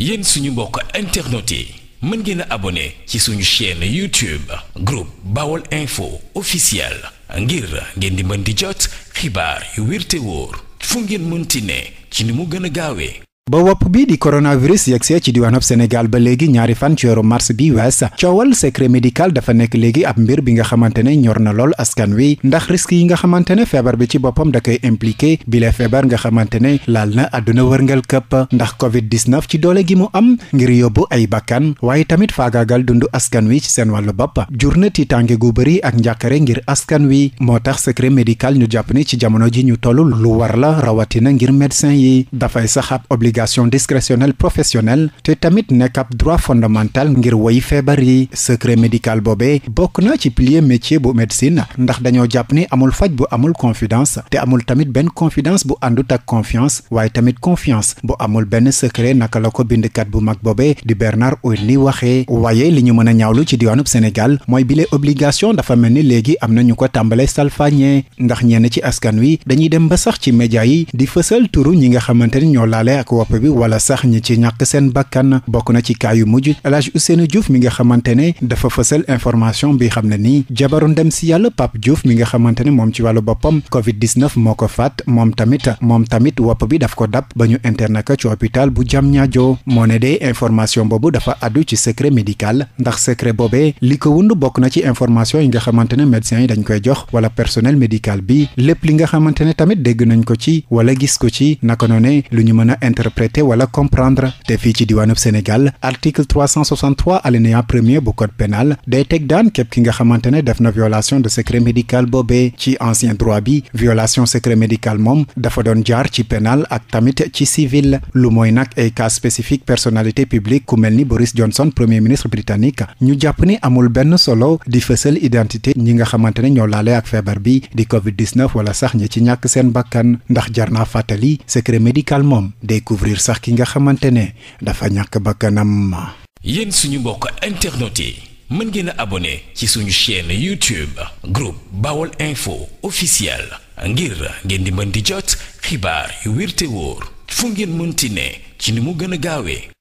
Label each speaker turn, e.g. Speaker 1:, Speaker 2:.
Speaker 1: yéen suñu mbokk internet yi mën ngeen a abonné ci suñu chaîne YouTube groupe Bawol info officiel ngir ngeen di mën di jot xibaar yu wér te fu ngeen mënti ne ci ni mu gën a gaawee
Speaker 2: ba wopp bi di coronavirus yegsee ci diwaanab Sénégal ba léegi ñaari fan ci weeru mars bi wees coowal secret médical dafa nekk léegi ab mbir bi nga xamante ne ñor na lool askan wi ndax risque yi nga xamante ne feebar bi ci boppam da koy impliqué bile feebar nga xamante ne laal na àdduna wërngal këpp ndax covid 19 ci doole gi mu am ngir yóbbu ay bàkkan waaye tamit faagaagal dundu askan wi ci seen wàllu bopp jur na tiitaange gu bëri ak njàkkare ngir askan wi moo tax secret médical ñu jàpp ne ci jamono ji ñu toll lu war la rawatina ngir médecin yi dafay sax obligation discrétionnelle professionnelle te tamit nekk ab droit fondamental ngir woy feebar yi secret médical boobee bokk na ci pilier métier bu médecine ndax dañoo jàpp ni amul faj bu amul confidence te amul tamit benn confidence bu àndut ak confiance waaye tamit confiance bu amul benn secret naka la ko bindkat bu mag boobee di Bernard Ouilly waxee waaye li ñu mën a ñaawlu ci diwaanub Sénégal mooy bile obligation dafa mel ni léegi am na ñu ko tàmbalee salfaañee ndax ñenn ci askan wi dañuy dem ba napp bi wala sax ñi ci ñàkk seen bakkan bokk na ci kaa yu mujj El Hadj Ousseynou Diouf mi nga xamante ne dafa fësal information bi xam ne nii jabaru ndem si yàlla Pape Diouf mi nga xamante ne moom ci wàllu boppam Covid moo ko faat moom tamit moom tamit wopp bi daf ko dab ba ñu interne ko ci hôpital bu Diamniadio moo ne de information boobu dafa addu ci secret médical ndax secret boobee li ko wund bokk na ci information yi nga xamante ne médecins yi dañ koy jox wala personnel médical bi lépp li nga xamante ne tamit dégg nañ a interpréter wala comprendre te fii ci diwaanub Sénégal article 363 alinéa premier bu code pénal day teg daan képp ki nga xamante ne def na violation de secret médical boobee ci ancien droit bi violation secret médical moom dafa doon jaar ci pénal ak tamit ci civil lu mooy nag ay cas spécifique personnalité publique ku mel ni Boris Johnson premier ministre britannique ñu jàpp ni amul benn solo di fësal identité ñi nga xamante ne ñoo laale ak feebar bi di covid wala sax ñi ci ñàkk seen bakkan ndax jar naa fàttali secret médical moom couvrir sax ki nga xamante ne dafa ñàkk bakkanam.
Speaker 1: yéen suñu mbokk internet mën ngeen a abonné ci suñu chaîne YouTube groupe Bawol info officiel ngir ngeen di mën di jot xibaar yu wér te fu ngeen mënti ne ci ni mu gën a gaawee.